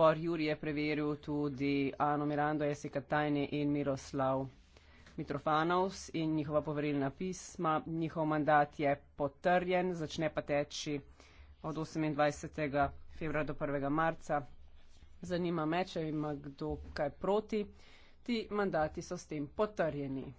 Por Juri je preveril tudi Ano Mirando, Jessica Tajne in Miroslav Mitrofanovs in njihova poverilna pisma. Njihov mandat je potrjen, začne pa teči od 28. februarja do 1. marca. Zanima me, če ima kdo kaj proti. Ti mandati so s tem potrjeni.